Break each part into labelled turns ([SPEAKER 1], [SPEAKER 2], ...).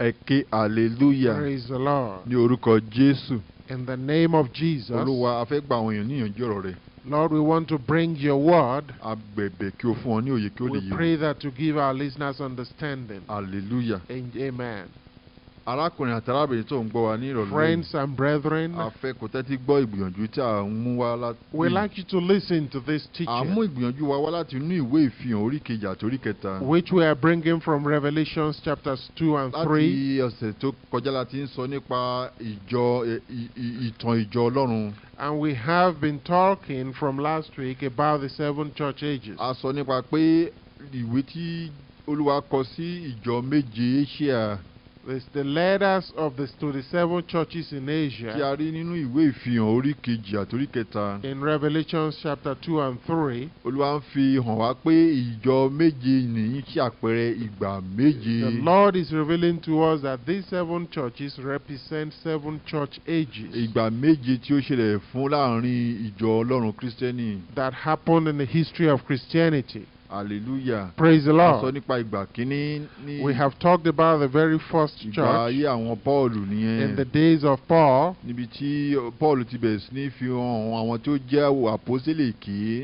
[SPEAKER 1] Eke ké hallelujah. Praise the Lord. Ní orúkọ Jésù. In the name of Jesus. Olúwa a fẹ́ gba àwọn èèyàn níyànjú ọ̀rọ̀ rẹ̀. Lord, we want to bring your word. We pray that to give our listeners understanding. Hallelujah. And amen arákùnrin àti arábìnrin tó ń gbọ́ wa ní ìrọ̀lẹ́ friends and brethren. a fẹ́ kó tẹ́tí gbọ́ ìgbìyànjú tí a ń mú wá láti. we like you to listen to this teaching. a mú ìgbìyànjú wa wá láti inú ìwé ìfihàn orí àti orí which we are bringing from Revelations chapters two and three. láti ọ̀sẹ̀ tó kọjá la ń sọ nípa ìjọ ìtàn ìjọ Ọlọ́run. And we have been talking from last week about the seven church ages. a sọ nípa pé ìwé tí Olúwa kọ sí ìjọ méje Asia. It's the letters of the twenty-seven churches in Asia. Tí a rí nínú ìwé ìfihàn orí kejì àti orí kẹta. In Revelation chapter two and three. Olúwa ń fi hàn wá pé ìjọ méje nìyí sí àpẹẹrẹ ìgbà méje. The Lord is revealing to us that these seven churches represent seven church ages. Ìgbà méje tí ó ṣẹlẹ̀ fún láàrin ìjọ Ọlọ́run Kristẹni. That happened in the history of Christianity. Hallelujah. Praise the Lord. We have talked about the very first church. In the days of Paul.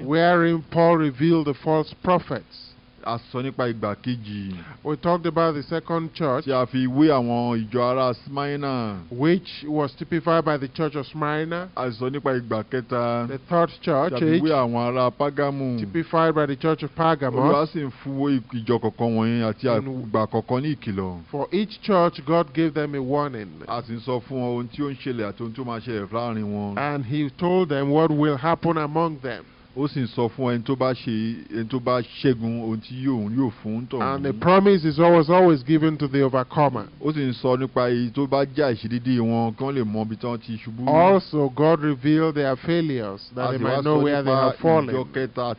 [SPEAKER 1] Wherein Paul revealed the false prophets a nípa ìgbà kejì. we talked about the second church. tí a fi wé àwọn ìjọ ará Smyrna. which was typified by the church of Smyrna. a nípa ìgbà kẹta. the third church age. tí a fi wé àwọn ará Pagamu. typified by the church of Pergamos. Olúwa sì ń ìjọ kọ̀ọ̀kan wọ̀nyí àti àgbà kọ̀ọ̀kan ní ìkìlọ̀. for each church God gave them a warning. a sì ń sọ fún wọn ohun tí ó ń ṣẹlẹ̀ àti ohun tí ó máa ṣẹlẹ̀ láàrin wọn. and he told them what will happen among them ó sì sọ fún ẹni tó bá ṣe ẹni tó bá ṣẹ́gun ohun tí yóò fún and the promise is always always given to the overcomer. ó sì ń sọ nípa èyí tó bá jẹ́ àṣírídì wọn kí wọ́n lè mọ ibi tí wọ́n ti ṣubú. also God revealed their failures that they might know where they have fallen. sọ nípa ìjọ kẹta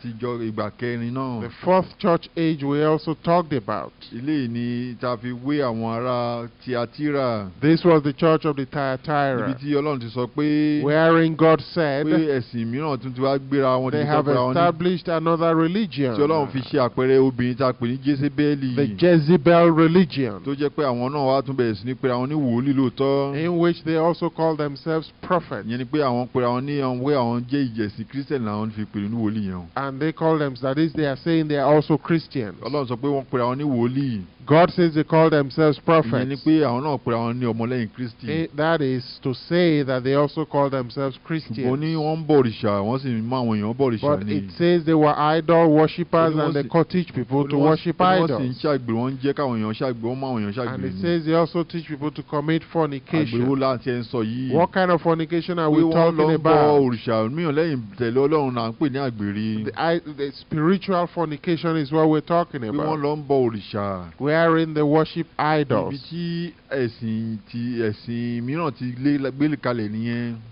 [SPEAKER 1] ìgbà kẹrin náà. the fourth church age we also talked about. ilé ìní ta fi wé àwọn ará Tiatira. this was the church of the Thyatira. ibi tí Ọlọ́run ti sọ pé. wherein God said. pé ẹ̀sìn mìíràn tuntun wá gbéra wọn have established another religion. tí ọlọ́run fi ṣe àpẹẹrẹ obìnrin a pè ní jezebeli. the Jezebel religion. tó jẹ́ pé àwọn náà wá tún bẹ̀rẹ̀ sí ní pé àwọn ní wòlíì lóòótọ́. in which they also call themselves prophets. ni pé àwọn pé àwọn ní wé àwọn jẹ́ ìjẹ̀sìn fi pè ní wòlíì yẹn. and they call themselves that is they are saying they are also Christians. ọlọ́run sọ pé wọ́n pè àwọn ní wòlíì. God says they call themselves prophets. ni pé àwọn náà pè àwọn ní ọmọlẹ́yìn Kristi. Eh, that is to say that they also call themselves Christians. ṣùgbọ́n ní wọ́n ń but it says they were idol worshippers and they could teach people to worship idols. and it says they also teach people to commit fornication. what kind of fornication are we talking about? The, I, the spiritual fornication is what we're talking about. wherein they worship idols.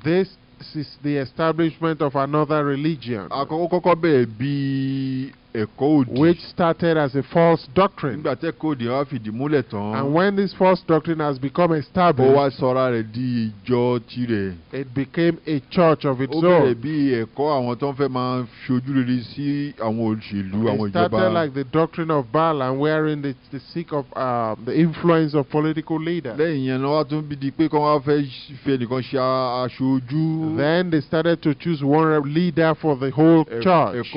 [SPEAKER 1] this since the establishment of another religion. àkọ́kọ́ kọ́kọ́ bíi a code. which started as a false doctrine. nígbà wá fìdí múlẹ̀ tán. and when this false doctrine has become established. ó wá sọra rẹ̀ di ìjọ tirẹ̀. it became a church of its own. ó bẹ̀rẹ̀ bí ẹ̀kọ́ àwọn tó ń fẹ́ máa ṣojú rere sí àwọn òṣèlú àwọn ìjọba. it started like the doctrine of Balaam wherein the, the seek of uh, the influence of political leaders. lẹ́yìn yẹn wọ́n tún bí di pé kí wọ́n fẹ́ ṣe aṣojú. then they started to choose one leader for the whole church.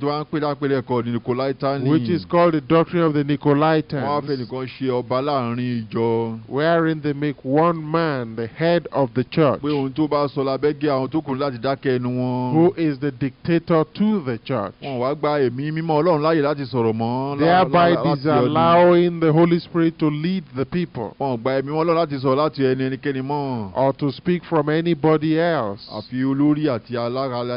[SPEAKER 1] tó wá ń pè tẹ́lẹ̀ kọ which is called the doctrine of the Nicolaitans. wọ́n á fẹ́ nìkan ṣe ọba láàrin ìjọ. wherein they make one man the head of the church. pé ohun tó bá sọ lábẹ́gẹ́ àwọn tó láti dákẹ́ ẹnu wọn. who is the dictator to the church. wọn wá gba ẹ̀mí mímọ́ Ọlọ́run láyè láti sọ̀rọ̀ mọ́. thereby disallowing the Holy Spirit to lead the people. wọn gba ẹ̀mí Ọlọ́run láti láti ẹni ẹnikẹ́ni mọ́. or to speak from anybody else. àfi olórí àti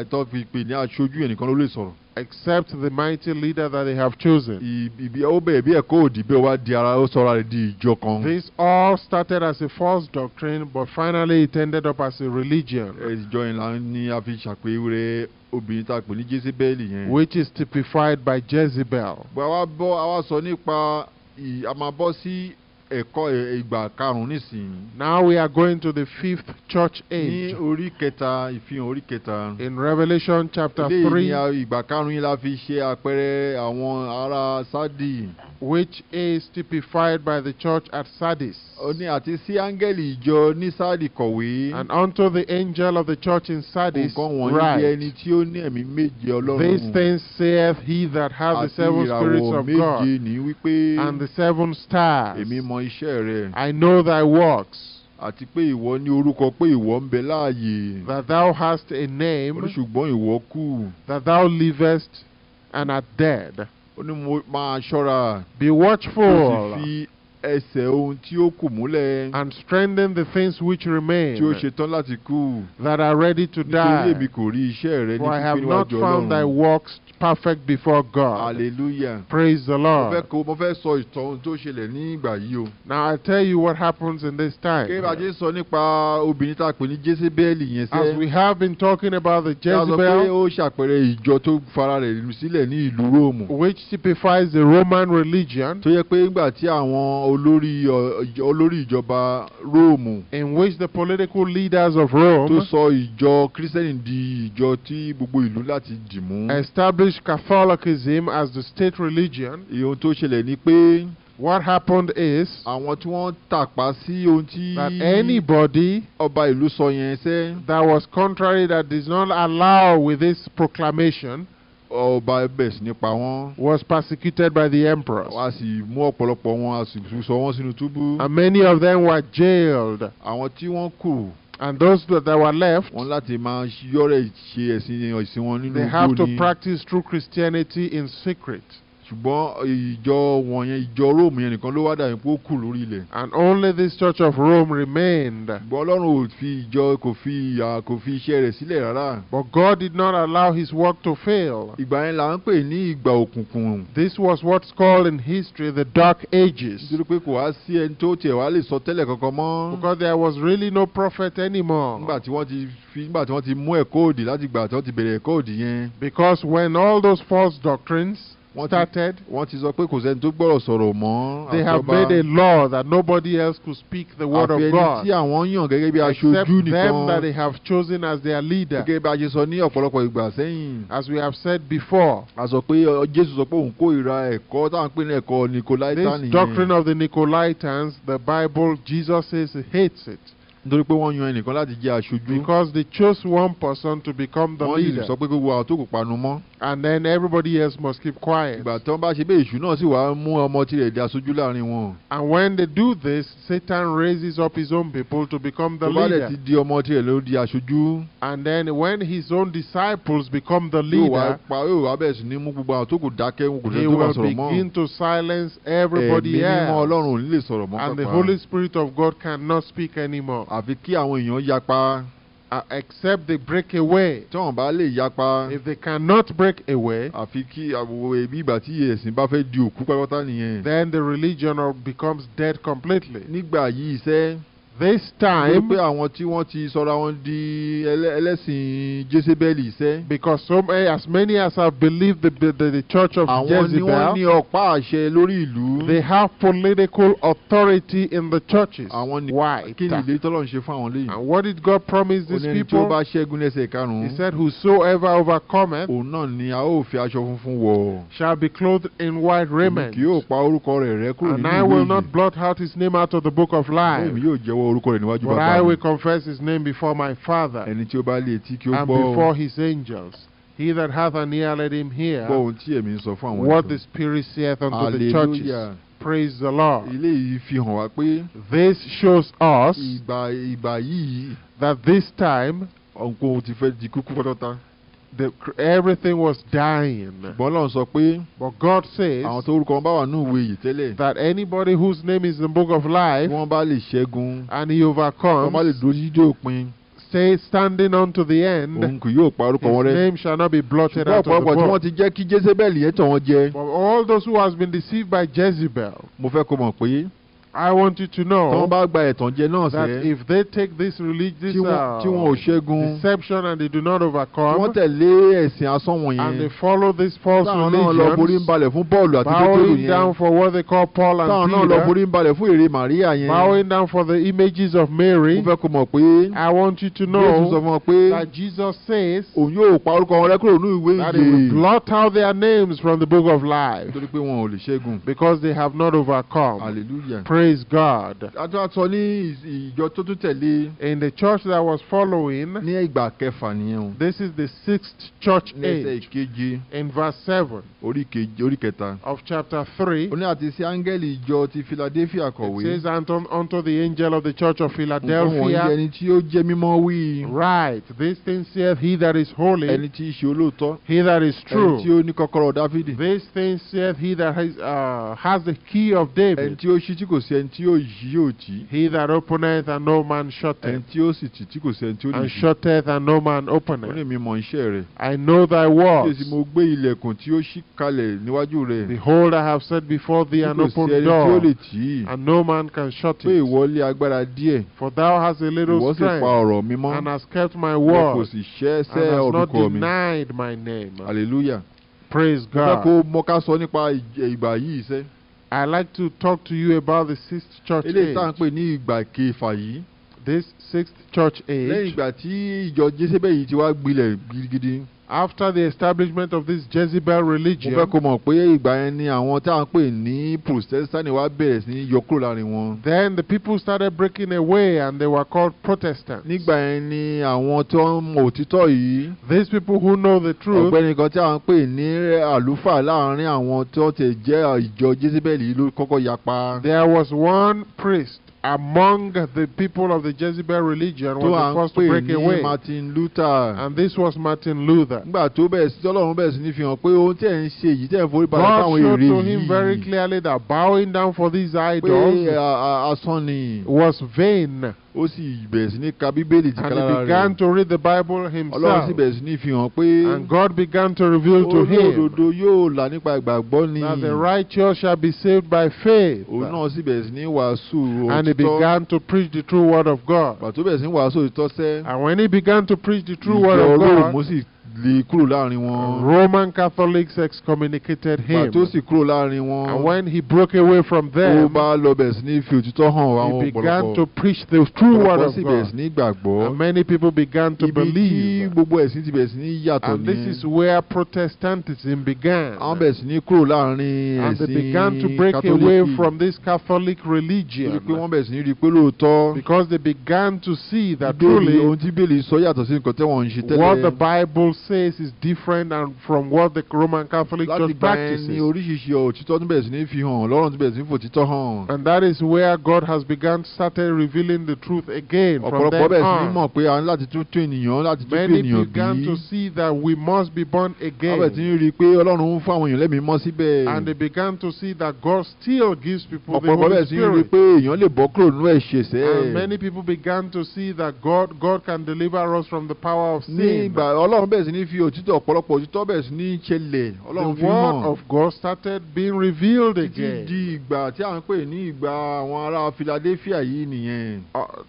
[SPEAKER 1] tó fi pè ní aṣojú ẹnìkan ló lè sọ̀rọ̀. except the mighty leader that they have chosen. Ìbí ó bẹ̀rẹ̀ ẹ̀kọ́ òdìbẹ́ wa di ara ó sọra rẹ̀ di ìjọ kan. This all started as a false doctrine but finally it ended up as a religion. Ìjọ e, ìlànà ni a fi ṣàpèwé obìnrin tá a pè ní Jezebeli yẹn. Which is typified by Jezebel. Bọ̀ àwa bọ́ àwa sọ nípa àmàbọ́ sí ẹ̀kọ́ ìgbà karùn-ún nísìnyí. now we are going to the fifth church age. ní orí kẹta ìfihàn orí kẹta. in Revelation chapter three. eléyìí ni ìgbà karùn-ún yìí la fi ṣe àpẹẹrẹ àwọn ará Sádì. which is typified by the church at Sardis. ó ní àti sí áńgẹ́lì ìjọ ní kọ̀wé. and unto the angel of the church in Sardis write. nǹkan wọ̀nyí bí ẹni tí ó ní ẹ̀mí méje Ọlọ́run. these things saith he that hath the seven spirits of God. àti ìràwọ̀ méje ní wípé. and the seven stars. èmi mọ iṣẹ́ rẹ. I know thy works. Àti pé ìwọ ní orúkọ pé ìwọ ń bẹ láàyè. That thou hast a name. ṣùgbọ́n ìwọ kù. That thou livest and art dead. Ó ní mo máa ṣọ́ra. Be watchful. Ó fi ẹsẹ̀ ohun tí ó kù múlẹ̀. and strengthen the things which remain. tí ó láti kú. that are ready to die. nítorí èmi kò rí iṣẹ́ rẹ ní Ọlọ́run. for I have not found thy works perfect before God. hallelujah. praise the Lord. mo fẹ́ kó mo fẹ́ sọ ìtàn ohun ṣẹlẹ̀ yìí o. now I tell you what happens in this time. kí sọ nípa obìnrin tá a pè ní yẹn sẹ́. as we have been talking about the Jezebel. yàtọ̀ pé ó ìjọ tó fara rẹ̀ sílẹ̀ ní ìlú Róòmù. which typifies the Roman religion. tó yẹ pé nígbà tí àwọn olórí uh, olórí ìjọba Róòmù. in which the political leaders of Rome. tó sọ ìjọ Christian di ìjọ tí gbogbo ìlú láti dì mú. established Catholicism as the state religion. ìhun tó ṣẹlẹ̀ ni pé. What happened is. àwọn tí wọ́n tàpá sí ohun tí. that anybody. ọba ìlú sọ yẹn sẹ́. that was contrary that does not allow with this proclamation ọba bẹ̀sì nípa wọn. was persecuted by the emperor. wọ́n a sì mú ọ̀pọ̀lọpọ̀ wọn a sì sọ wọ́n sínú túbú. and many of them were jailed. àwọn tí wọ́n kù. And those that were left, wọ́n láti máa yọ̀rẹ̀ ṣe ẹ̀sìn ẹ̀sìn wọn nínú ni. They have to practice true Christianity in secret ṣùgbọ́n ìjọ wọ̀nyẹn ìjọ yẹn nìkan ló wá kù lórí ilẹ̀. and only this church of Rome remained. ṣùgbọ́n Ọlọ́run ò fi ìjọ kò fi ìyà kò fi iṣẹ́ rẹ̀ sílẹ̀ rárá. but God did not allow his work to fail. ìgbà yẹn là ń pè ní ìgbà òkùnkùn. this was what's called in history the dark ages. nítorí pé kò wá sí ẹni tó tiẹ̀ wá lè sọ tẹ́lẹ̀ kankan mọ́. because there was really no prophet anymore. nígbà tí wọ́n ti nígbà tí wọ́n ti mú ẹ̀kọ́ òdì láti gbà tí wọ́n ti bẹ̀rẹ̀ ẹ̀kọ́ òdì yẹn. because when all those false doctrines started. they have made a law that nobody else could speak the word of God. àfẹ́ni tí àwọn except them that they have chosen as their leader. as we have said before. this doctrine of the Nicolaitans the Bible Jesus says hates it nítorí pé wọ́n yan ẹnìkan láti jẹ́ aṣojú. because they chose one person to become the leader. wọ́n sọ pé gbogbo àwọn tó kò panu mọ́. and then everybody else must keep quiet. ìgbà tí wọ́n bá ṣe bẹ́ẹ̀ èṣù náà sì wàá mú ọmọ tirẹ̀ di aṣojú láàrin wọn. and when they do this Satan raises up his own people to become the leader. tó bá dẹ̀ ti di ọmọ tirẹ̀ ló di aṣojú. and then when his own disciples become the leader. yóò wá pa yóò wá sí ní mú gbogbo àwọn tó kò dákẹ́ kò tó bá sọ̀rọ̀ mọ́. he will begin to silence everybody else. ẹ̀mí mímọ́ Ọlọ́run ò ní lè sọ̀rọ̀ mọ́ pàpà. and the Holy Spirit of God cannot speak anymore àfi kí àwọn èèyàn yapa. Uh, except they break away. tí wọn bá lè yapa. if they cannot break away. àfi kí àwòrán ibi ìgbà tí ẹ̀sìn bá fẹ́ di òkú pátápátá nìyẹn. then the religion becomes dead completely. nígbà yìí sẹ́ this time. pé àwọn tí wọ́n ti sọra wọn di ẹlẹ́sìn jezebeli sẹ́. because so many as many as have believed the the, the church of àwọn jezebel. àwọn ni wọ́n ní ọ̀pá àṣẹ lórí ìlú. they have political authority in the churches. àwọn ni why. kí ni ìlérí tọ́lọ́run ṣe fún àwọn léyìn. and what did God promise these people. ó ní ẹni tí ó bá ṣẹ́gun ní ẹsẹ̀ karùn-ún. he said whosoever overcometh. òun náà ni a ó fi aṣọ funfun wọ̀. shall be clothed in white raiment. kì yóò pa orúkọ rẹ̀ rẹ́ kúrò nínú ìwé yìí. and I will not blot out his name out of the book of life orúkọ rẹ̀ níwájú bàbá mi. But I will confess his name before my father. Ẹni tí ó bá lé kí ó gbọ́. And before his angels. He that hath an ear, let him hear. Gbọ́ ohun tí èmi ń sọ fún àwọn What the Spirit saith unto Alleluia. the churches. Praise the Lord. Ilé yìí fi hàn wá pé. This shows us. Ìgbà ìgbà yìí. That this time. Ohunkóhun ti fẹ́ di kúkú pátápátá the everything was dying. bọ́lọ́n sọ pé. but God says. àwọn tó orúkọ wọn bá wà ìwé yìí tẹ́lẹ̀. that anybody whose name is in the book of life. wọ́n bá lè ṣẹ́gun. and he overcomes. wọ́n bá lè dúró jíjó òpin. Stay standing unto the end. Òun kì yóò pa orúkọ wọn rẹ. His name shall not be blotted out of the book. Ṣùgbọ́n ọ̀pọ̀lọpọ̀ ti jẹ́ kí Jezebel yẹn tàn wọ́n jẹ. But all those who has been deceived by Jezebel. Mo fẹ́ kó mọ̀ pé. I want you to know. that if they take this religious uh, deception and they do not overcome. and they follow this false religion. bowing down for what they call Paul and Peter. bowing down for the images of Mary. I want you to know. that Jesus says. that he will blot out their names from the book of life. because they have not overcome. praise Praise God. Àtúntò ìjọ tó tún tẹ̀lé. In the church that I was following. Ní ìgbà kẹfà nìyẹn This is the sixth church age. Ní ẹsẹ̀ In verse seven. Orí orí kẹta. Of chapter three. Ó àti sí áńgẹ́lì ìjọ ti Philadelphia kọ̀wé. It says unto, unto the angel of the church of Philadelphia. Nǹkan wọ̀nyí ẹni tí ó jẹ́ mímọ́ wí. Right. This thing saith he that is holy. Ẹni tí í ṣe olóòótọ́. He that is true. Ẹni tí ó ní kọ́kọ́rọ́ Dáfídì. This thing saith he that has, uh, has the key of David. Ẹni tí ó ṣí tí kò sí he that openeth and no man shutteth. And shutteth and no man openeth. I know thy works. Behold, I have set before thee an open door. And no man can shut it. For thou hast a little strength. And has kept my word. And has not denied my name. Hallelujah. Praise God. I'd like to talk to you about the sixth church age. this sixth church age after the establishment of this Jezebel religion. then the people started breaking away and they were called Protestants. these people who know the truth. there was one priest among the people of the Jezebel religion was the first to break away. Martin Luther. And this was Martin Luther. Nígbà tó bẹ̀rẹ̀ sí Ọlọ́run bẹ̀rẹ̀ sí ní fi hàn pé ohun tí ẹ̀ ń ṣe yìí tẹ̀ ń forí God showed to him very clearly that bowing down for these idols. was vain. ó sì bẹ̀rẹ̀ sí ní ka bíbélì jìkà lára rẹ̀. and he began to read the bible himself. ọlọ́run sì bẹ̀rẹ̀ sí ní fi hàn pé. and God began to reveal to him. orí òdodo yóò là nípa ìgbàgbọ́ ni. that the righteous shall be saved by faith. òun náà sì bẹ̀rẹ̀ sí ní wàásù òtítọ́. and he began to preach the true word of God. pàtó bẹ̀rẹ̀ sí ní wàásù òtítọ́ sẹ́. and when he began to preach the true word of God. ìjọ olóòmù sì Roman Catholics excommunicated him. when he broke away from them, he began to preach the true word of God. And many people began to believe. And this is where Protestantism began. And they began to break away from this Catholic religion. Because they began to see that truly what the Bible says is different and from what the Roman Catholic Church practices. and that is where God has begun started revealing the truth again from then on. many began to see that we must be born again. and they began to see that God still gives people the Holy Spirit. and many people began to see that God God can deliver us from the power of sin. bẹ̀rẹ̀ sí ní fi òtítọ́ ọ̀pọ̀lọpọ̀ òtítọ́ bẹ̀rẹ̀ sí ní ṣẹlẹ̀ ọlọ́run fi mọ̀. the word of God started being revealed again. títí di ìgbà tí à ń pè ní ìgbà àwọn ará Philadelphia yìí nìyẹn. Uh,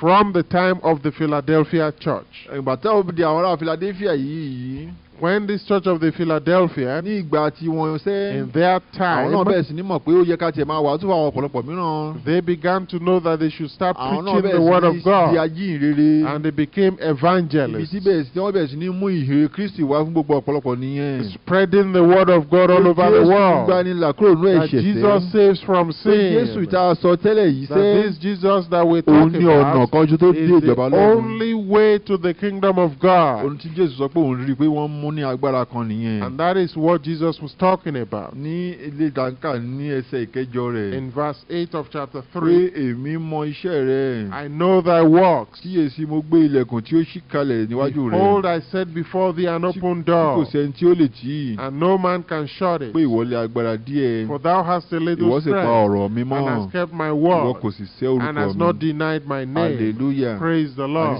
[SPEAKER 1] from the time of the Philadelphia church. ìgbà tí àwọn ará Philadelphia yìí yìí. when this church of the Philadelphia. ní ìgbà tí wọ́n ṣe. in their time. àwọn náà bẹ̀rẹ̀ sí ni mọ̀ pé ó yẹ ká tiẹ̀ máa wà tún àwọn ọ̀pọ̀lọpọ̀ mìíràn. they began to know that they should start preaching the word of God. and they became evangelists. ibi tí bẹ̀rẹ̀ sí ni wọ́n bẹ̀rẹ̀ sí ni mú ìhèrè Kristi wá fún gbogbo ọ̀pọ̀lọpọ̀ nìyẹn. spreading the word of God all over the world. that Jesus saves from sin. Jésù ìta sọ tẹ́lẹ̀ yìí sẹ́. that this Jesus that we talk about is the only way to the kingdom of God. ohun tí sọ pé òun rí i pé wọ́n mú ní agbára kan nìyẹn. and that is what Jesus was talking about. ní ilé ìdáǹkà ní ẹsẹ̀ ìkẹjọ rẹ̀. in verse eight of chapter three. pé èmi mọ iṣẹ́ rẹ. I know thy works. kíyèsí mo gbé ilẹ̀kùn tí ó ṣí kalẹ̀ níwájú rẹ. behold I set before thee an open door. sẹ́ni tí ó lè tì í. and no man can shut it. pé ìwọ lè agbára díẹ̀. for thou hast a little strength. ìwọ sì pa ọ̀rọ̀ mi mọ́. and has kept my word. ìwọ kò sì sẹ́ orúkọ mi. and has not denied my name. hallelujah. praise the Lord.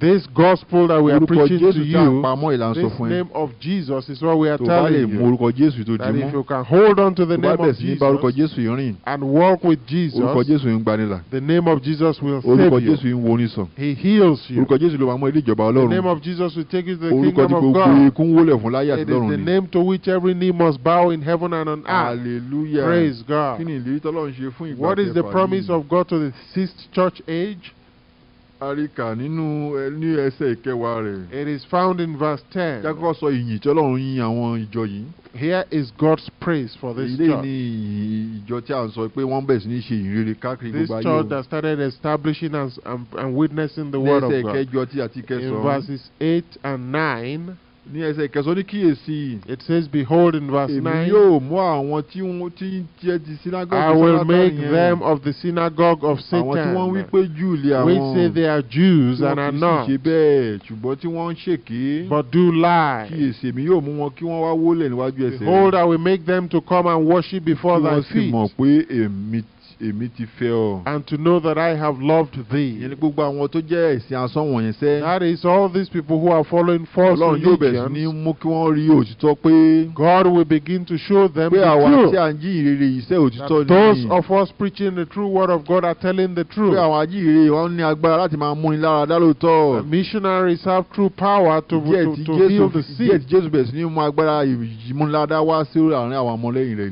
[SPEAKER 1] this gospel that we are preaching preaching to you the name of Jesus is what we are telling you. That if you can hold on to the name of Jesus and walk with Jesus, the name of Jesus will save you. He heals you. The name of Jesus will take you to the kingdom of God. It is the name to which every knee must bow in heaven and on earth. Praise God. What is the promise of God to the sixth church age? àríkà nínú ní ẹsẹ̀ rẹ̀. it is found in verse ten. jákọ́ sọ ìyìn tí ọlọ́run yin àwọn ìjọ yìí. here is God's praise for this church. ilé ní ìjọ tí a sọ pé wọ́n bẹ̀rẹ̀ sí ní ṣe ìrere káàkiri gbogbo ayé o. this church that started establishing and, and, witnessing the word of God. ní ẹsẹ̀ ìkẹjọ in verses eight and nine it says behold in verse nine. synagogue I will make them of the synagogue of Satan. àwọn we say they are Jews and are not. but do lie. behold I will make them to come and worship before thy feet èmi ti fẹ́ ọ. and to know that I have loved thee. yẹn ni gbogbo àwọn tó jẹ́ ẹ̀sìn asán wọ̀nyẹn sẹ́. that is all these people who are following false Lord, religions. Ọlọ́run yóò bẹ̀rẹ̀ ní mú kí wọ́n rí òtítọ́ pé. God will begin to show them the truth. pé àwọn tí à jí ìrere yìí sẹ́ òtítọ́ ni. those of us preaching the true word of God are telling the truth. pé àwọn ajíhìnrere wọn ní agbára láti máa múni lára dálóòótọ́. missionaries have true power to to, to heal the sick. díẹ̀ tí Jésù bẹ̀rẹ̀ sí ní mú agbára ìmúniláradá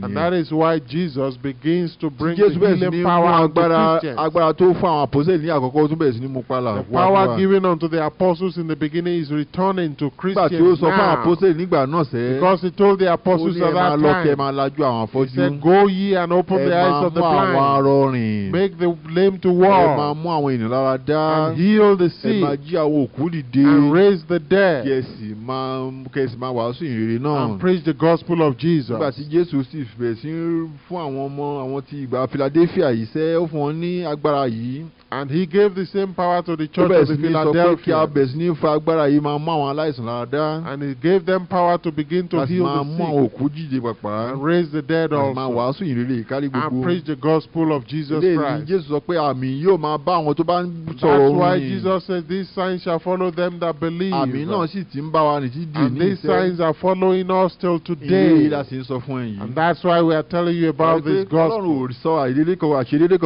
[SPEAKER 1] and that is why Jesus begins to bring ní agbára agbára tó fún àwọn apostles ní àkọ́kọ́ sí ní the power uh, given unto the apostles in the beginning is returning to Christians now. sọ apostles nígbà sẹ́. because he told the apostles of that time. he said go ye and open the eyes of the blind. make the lame to walk. and heal the sick. and raise the dead. kẹ̀sì and preach the gospel of Jesus. nígbà tí Jésù sì bẹ̀rẹ̀ sí fún àwọn ọmọ àwọn ti si si fun awon omo awon ti igba Philadelphia yìí ṣe ó oh, fún ní agbára yìí. and he gave the same power to the church of the Philadelphia. ó bẹ̀rẹ̀ sí ní sọ pé kí ní fa agbára yìí máa mú àwọn aláìsàn lára and he gave them power to begin to heal the sick. máa mú àwọn òkú jíjẹ pàpà. and raise the dead also. láti máa wàásù ìrírí gbogbo. and preach the gospel of Jesus Christ. léèlì Jésù sọ pé àmì yóò máa bá àwọn tó bá ń òun. that's why Jesus said these signs shall follow them that believe. àmì náà sì ti ń bá wa nìjí dì ní and these signs are following us till today. and that's why we are telling you about this gospel. There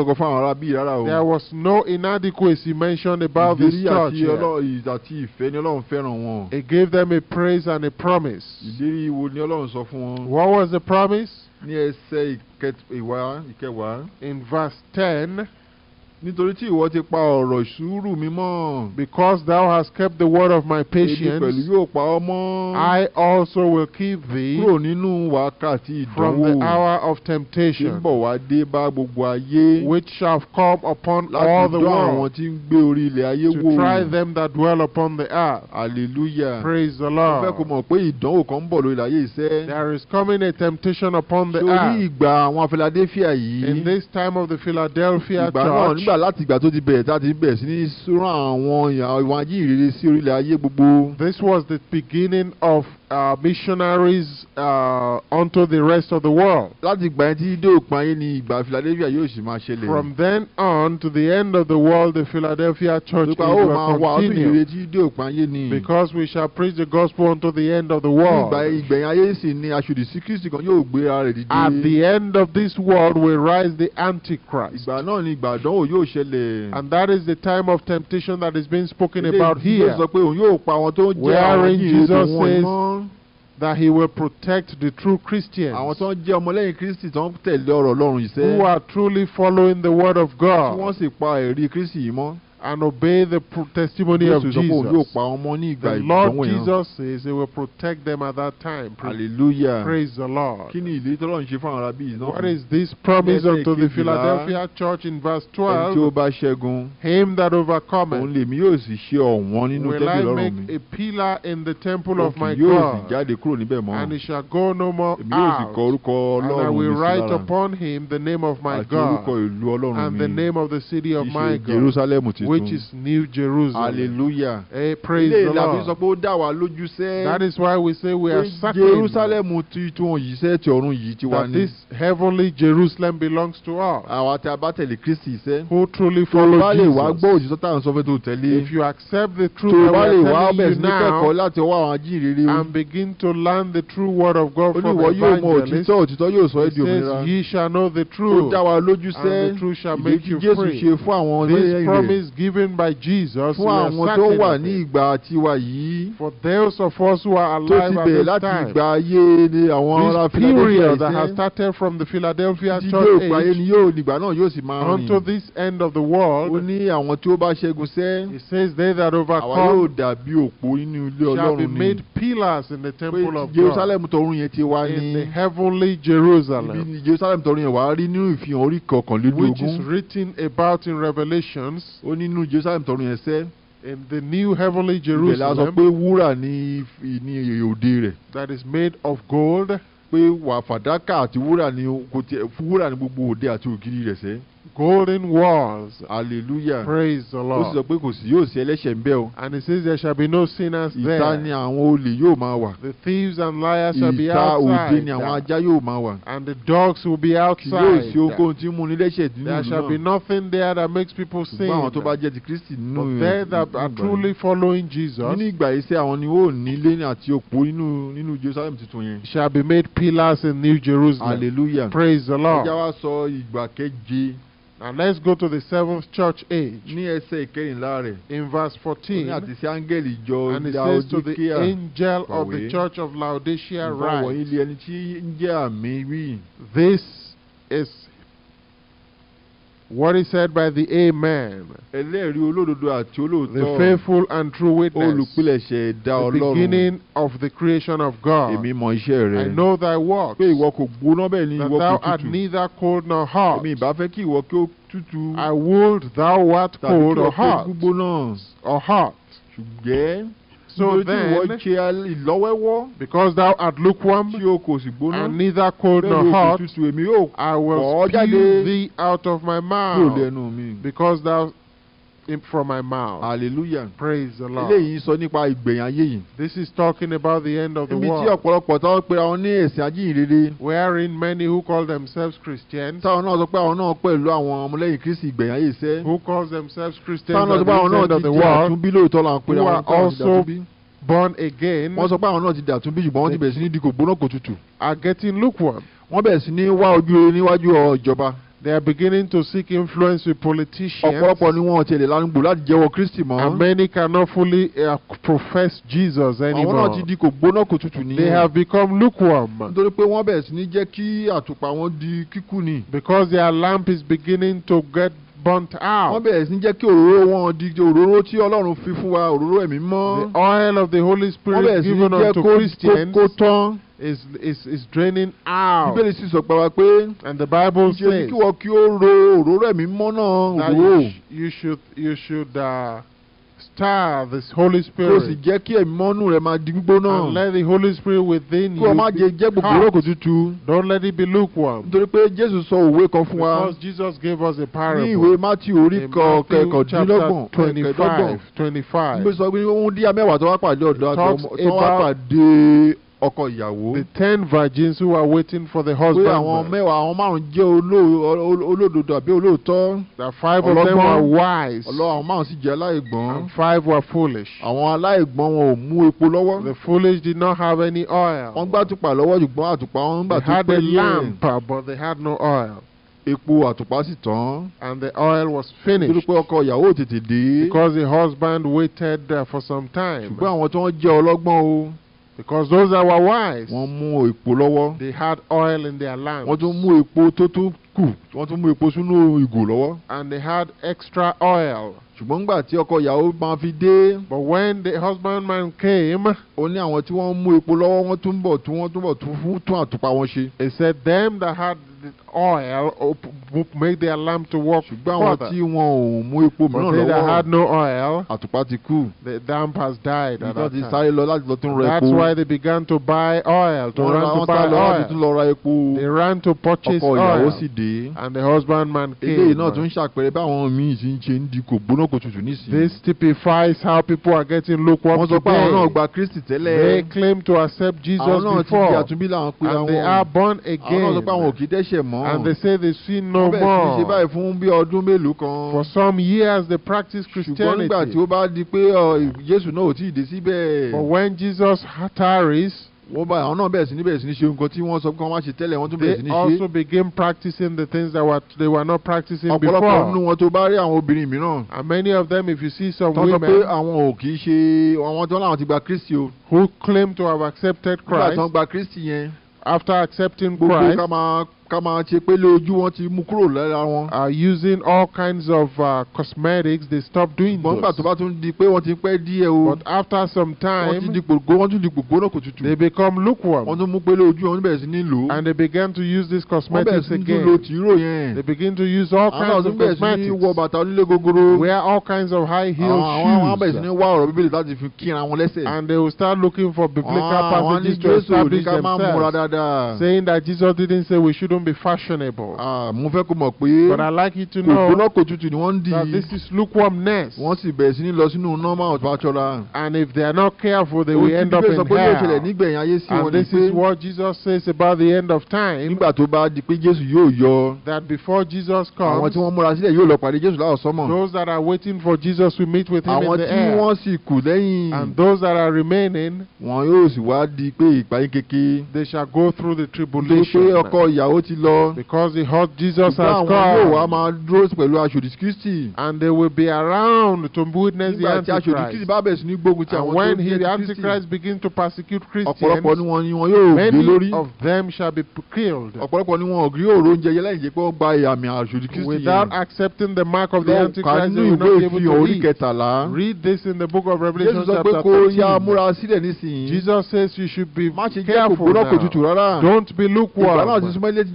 [SPEAKER 1] was no inadequacy mentioned about the church. It gave them a praise and a promise. What was the promise? In verse 10 nítorí tí ìwọ ti pa ọ̀rọ̀ mi mọ́. because thou hast kept the word of my patience. èmi pẹ̀lú yóò pa ọ́ mọ́. I also will keep thee. kúrò nínú wákàtí ìdánwò. from the hour of temptation. tí ń bọ̀ wá dé bá gbogbo ayé. which shall come upon all the world. láti dán àwọn tí ń gbé orí ilẹ̀ ayé wò. to try them that dwell upon the earth. hallelujah. praise the Lord. fẹ́ kó mọ̀ pé ìdánwò kan ń bọ̀ lórí ilẹ̀ iṣẹ́. there is coming a temptation upon the earth. sórí ìgbà àwọn yìí. in this time of the Philadelphia church. ìgbà náà nígbà láti ìgbà tó ti bẹ̀rẹ̀ tá a ti bẹ̀rẹ̀ sí ní rán àwọn ìwà ayé ìrere sí orílẹ̀ ayé gbogbo. This was the beginning of Uh, missionaries uh, unto the rest of the world. láti òpin ayé ni ìgbà Philadelphia yóò sì máa ṣẹlẹ̀. from then on to the end of the world the Philadelphia church will continue. because we shall preach the gospel unto the end of the world. ìgbà ìgbẹ̀yìn ayé sì ni aṣòdì sí Kristi kan yóò gbé ara rẹ̀ dìde. at the end of this world will rise the Antichrist. ìgbà náà ni ìgbà àdánwò yóò ṣẹlẹ̀. and that is the time of temptation that is being spoken about here. ilé ìgbésọ pé òun yóò pa àwọn tó ń jẹ́ àwọn that he will protect the true Christians. àwọn tó ń jẹ́ ọmọlẹ́yìn Kristi tó ń tẹ̀lé ọ̀rọ̀ Ọlọ́run yìí sẹ́. who are truly following the word of God. tí wọ́n sì pa ẹ̀rí Kristi yìí mọ́ and obey the testimony of Jesus. The Lord Jesus says he will protect them at that time. Hallelujah. Praise the Lord. What is this promise unto the Philadelphia church in verse 12? Him that overcometh will I make a pillar in the temple of my God and he shall go no more out and I will write upon him the name of my God and the name of the city of my God which is New Jerusalem. hallelujah. Hey, praise the Lord. that is why we say we are certain. that this heavenly Jerusalem belongs to us. who truly follow Jesus. if you accept the truth that we are telling you now. and begin to learn the true word of God from the evangelist. he says ye shall know the truth. and the truth shall make you free. this promise given by Jesus fún àwọn tó wà ní ìgbà tiwa yìí. for those of us who are alive at this time. tó ti bẹ̀rẹ̀ láti ìgbà ayé ni àwọn ará Philadelphia ṣe. this period that has started from the Philadelphia church age. dídé òpáyé ni yóò nígbà náà yóò sì máa rìn. unto this end of the world. ó ní àwọn tí ó bá ṣẹ́gun sẹ́. he says they that overcome. àwa yóò dàbí òpó nínú ilé Ọlọ́run ni. shall be made pillars in the temple of God. Jerusalem tọ̀run yẹn ti wá ní. in the heavenly Jerusalem. ibi ni Jerusalem tọ̀run yẹn wà á rí nínú ìfihàn orí kọkànlélógún. which is written about in Revelations. ó ní nínú Jerusalem yẹn sẹ́. in the new heavenly Jerusalem. ìbẹ̀lẹ̀ a sọ pé wúrà ni ní òde rẹ̀. that is made of gold. pé wà fàdákà àti wúrà ni gbogbo òde àti ògiri rẹ̀ sẹ́ golden walls. hallelujah. praise the lord. ó sọ pé kò sí yóò sí ẹlẹ́ṣẹ̀ ń bẹ̀ o. and he says there shall be no sinners there. ìta ni àwọn olè yóò máa wà. the thieves and liars shall be outside. ìta òde ni àwọn ajá yóò máa wà. and the dogs will be outside. kì yóò sí ohunkóhun tí ń mú ní lẹ́ṣẹ̀ nínú náà. there shall be nothing there that makes people sin. ṣùgbọ́n àwọn tó bá jẹ́ ti Kristi nínú ìgbà yìí. but they that are truly following Jesus. nínú ìgbà yìí sẹ́ àwọn ni ó nílé àti òpó nínú nínú Jerusalem tuntun yẹn. shall be made pillars in New Jerusalem. hallelujah. praise the Lord. wa sọ ìgbà keje. Now let's go to the seventh church age. In verse fourteen. And it says to the angel of the church of Laodicea write. This is what is said by the Amen. The faithful and true witness. The beginning of the creation of God. I know thy works. That thou art neither cold nor hot. I would thou art cold or hot. Or hot.
[SPEAKER 2] So then,
[SPEAKER 1] because thou art lukewarm, and neither cold nor hot, I will spew thee out of my mouth, because thou from my mouth. hallelujah. praise the Lord. eléyìí sọ nípa ìgbẹ̀yìn ayé yìí. this is talking about the end of the world. ibi tí ọ̀pọ̀lọpọ̀ táwọn pe àwọn ní ẹ̀sìn wherein many who call themselves Christians. táwọn náà sọ pé àwọn náà pẹ̀lú àwọn ọmọlẹ́yìn Kristi ìgbẹ̀yìn ayé iṣẹ́. who calls themselves Christians at the end of the world. táwọn náà sọ pé àwọn náà ti jẹ́ àtúnbí lóòótọ́ là ń pe àwọn náà ti atunbi loooto pe awon naa ti datunbi born again. wọ́n sọ pé àwọn náà ti dàtúnbí ṣùgbọ́n wọ́n ti bẹ̀rẹ̀ sí ní gbóná kò tutù. are getting lukewarm. wọ́n bẹ̀rẹ̀ sí ní wá ojú rere níwájú ìjọba. They are beginning to seek influence with politicians. And many cannot fully uh, profess Jesus anymore. They have become lukewarm. Because their lamp is beginning to get burnt out. the oil of the Holy Spirit given unto Christians is is is draining out. sì sọ pé. and the bible says. kí wọ́n kí ó ro òróró ẹ̀mí mọ́ náà that you should you should. Uh, Star this Holy Spirit. Kó o sì jẹ́ kí ẹ̀mí rẹ̀ máa di And let the Holy Spirit within you be hot. Kó jẹ jẹ́ gbogbo tútù. Don't let it be lukewarm. Nítorí pé Jésù sọ òwe kan fún wa. Because Jesus gave us a parable. Ní ìwé orí Twenty-five. amẹ́wàá tó wá pàdé ọkọ ìyàwó. the ten virgins who were waiting for the husband. pé àwọn mẹ́wàá àwọn márùn-ún jẹ́ olódodo àbí olóòótọ́. the five of them were wise. ọlọ́wọ́ àwọn márùn-ún sì jẹ́ aláìgbọ́n. and five were foolish. àwọn aláìgbọ́n wọn ò mú epo lọ́wọ́. the foolish did not have any oil. wọ́n gbá lọ́wọ́ ṣùgbọ́n àtùpà wọn they had a lamp but they had no oil epo àtùpà sì tán. and the oil was finished. nítorí pé ọkọ ìyàwó tètè dé. because the husband waited uh, for some time. ṣùgbọ́n àwọn tí wọ́n jẹ́ ọlọ́gbọ́n o because those that were wise. wọ́n mú èpo lọ́wọ́. they had oil in their lamps. wọ́n tún mú èpo tó kù wọ́n tún mú èpo sínú ìgò lọ́wọ́. and they had extra oil. ṣùgbọ́n tí ọkọ ìyàwó máa fi dé. but when the husbandman came. ó ní àwọn tí wọ́n mú epo lọ́wọ́ wọ́n tún bọ̀ tún wọ́n tún bọ̀ tún fún tún àtùpà wọn ṣe. he said them that had oil or make the alarm to work ṣùgbọ́n they had no oil the lamp has died that's why they began to buy oil to run to buy oil they ran to purchase oil and the came this typifies how people are getting lukewarm today they claim to accept Jesus before and they are born again ṣe mọ́. and they say they sin no more. ṣe báyìí fún bí ọdún mélòó kan. for some years they practice Christianity. ṣùgbọ́n nígbà tí ó bá di pé uh, Jésù náà ò tí ì dé síbẹ̀. but when Jesus tarries wọ́n bá àwọn náà bẹ̀rẹ̀ sí ní bẹ̀rẹ̀ sí ní ṣe nǹkan tí wọ́n sọ pé wọ́n ṣe tẹ́lẹ̀ wọ́n tún bẹ̀rẹ̀ sí ní ṣe. they also began practicing the things that were, they were not practicing before. ọ̀pọ̀lọpọ̀ nínú wọn tó bá rí àwọn obìnrin mìíràn. and many of them if you see some women. pé àwọn ò kì í ṣe àwọn láwọn ti gba Kristi o. who claim to have accepted Christ. nígbà gba Kristi yẹn. after accepting Christ. gbogbo ká máa are using all kinds of uh, cosmetics they stop doing those. but after some time. they become lukewarm. and they began to use these cosmetics again. they begin to use all kinds of cosmetics. wear all kinds of high heel shoes. and they will start looking for biblical passages to establish themselves saying that Jesus didn't say we shouldn't be fashionable. Ah, mo fẹ́ kó mọ̀ pé but I like you to know ni wọ́n ń dì that this is lukewarmness. wọ́n sì bẹ̀rẹ̀ sí ní lọ sínú normal and if they are not careful they will end up in hell. òtítí pé sọ pé yóò ṣẹlẹ̀ nígbẹ̀yìn ayé sí wọn ni pé. and this is what Jesus says about the end of time. nígbà tó bá di pé Jésù yóò yọ. that before Jesus comes. àwọn tí wọ́n múra sílẹ̀ yóò lọ pàdé Jésù láwọ̀ sọ́mọ̀. those that are waiting for Jesus will meet with him in the air. àwọn tí wọ́n sì kù lẹ́yìn. and those that are remaining. they shall go through the tribulation ti lọ. because the hot Jesus has come. ṣùgbọ́n àwọn yóò wá máa dúró pẹ̀lú aṣòdì Kristi. and they will be around to witness the Antichrist. nígbà tí aṣòdì Kristi bá bẹ̀rẹ̀ sí ní gbógun ti àwọn si ni ń jẹ́ Kristi. and when he, the Antichrist begin to persecute Christians. ọ̀pọ̀lọpọ̀ ni wọn ni wọn yóò gbé lórí. many of them shall be killed. ọ̀pọ̀lọpọ̀ ni wọn ògiri òòrò pé wọ́n gba àmì aṣòdì Kristi without accepting the mark of the Antichrist they will not be able to read this in the book of Revelation chapter thirteen. Jesus says you should be careful now. rárá. don't be lukewarm.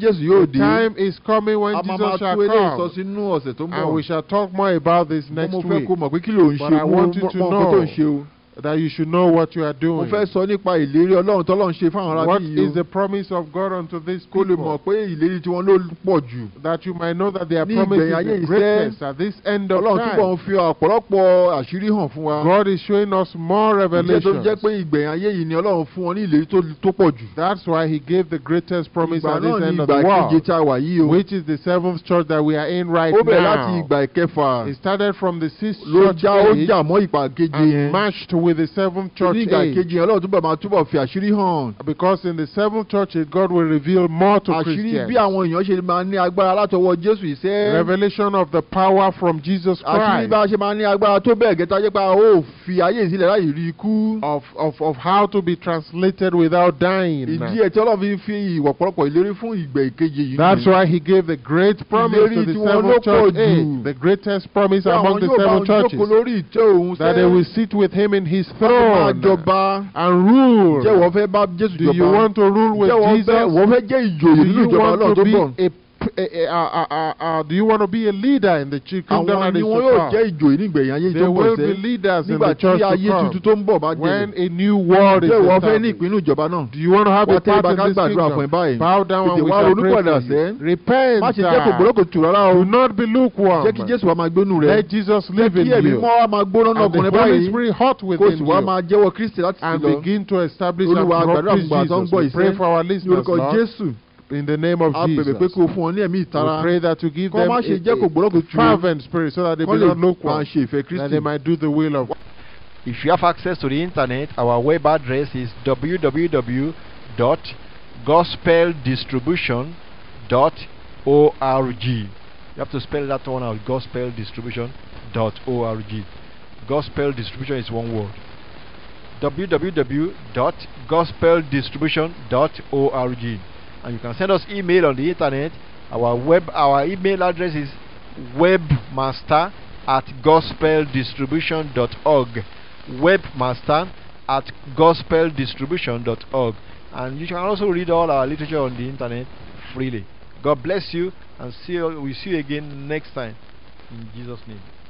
[SPEAKER 1] Jésù yóò time is coming when Jesus shall come. and we shall talk more about this next week. But I want you to know that you should know what you are doing. mo fẹ́ sọ nípa ìlérí ọlọ́run tọ́lọ́run ṣe fáwọn ará bí yìí o. what is the promise of God unto this people. kó lè mọ̀ pé ìlérí ló pọ̀ jù. that you might know that their promise is the greatest at this end of time. ọlọ́run túbọ̀ ń fi ọ̀pọ̀lọpọ̀ àṣírí hàn fún wa. God is showing us more revelations. ìjẹ́ tó jẹ́ pé ìgbẹ̀yìn ayé yìí ni ọlọ́run fún wọn ní ìlérí tó pọ̀ jù. that's why he gave the greatest promise at this end of the world. which is the seventh church that we are in right now. ó bẹ̀rẹ̀ láti ìgbà ìkẹfà. started from the sixth church and marched with the seventh church age. Because in the seventh church age God will reveal more to Christians. Revelation of the power from Jesus Christ. Of of of how to be translated without dying. That's why he gave the great promise to the seven churches, The greatest promise among the seven churches. That they will sit with him in his throne and rule. Do you want to rule with Jesus? Do you want to be a Eh, eh, ah, ah, ah, do you want to be a leader in the kingdom that is to come? àwọn will be leaders in the church to come. when a new world is established. do you want to have a part in this kingdom? bow down and we shall pray for you. repent. má ṣe jẹ́ do not be lukewarm. let Jesus live in you. jẹ́ kí and the Holy Spirit hot within you. kó and begin to establish and practice Jesus. we pray for our listeners, Lord in the name of Jesus. we pray that you give them a, a, a fervent spirit so that they may not look one that they might do the will of God. If you have access to the internet, our web address is www.gospeldistribution.org. You have to spell that one out gospeldistribution.org. Gospel distribution is one word. www.gospeldistribution.org and you can send us email on the internet our web our email address is webmaster at gospeldistribution.org webmaster at gospeldistribution.org and you can also read all our literature on the internet freely god bless you and see you, we we'll see you again next time in jesus name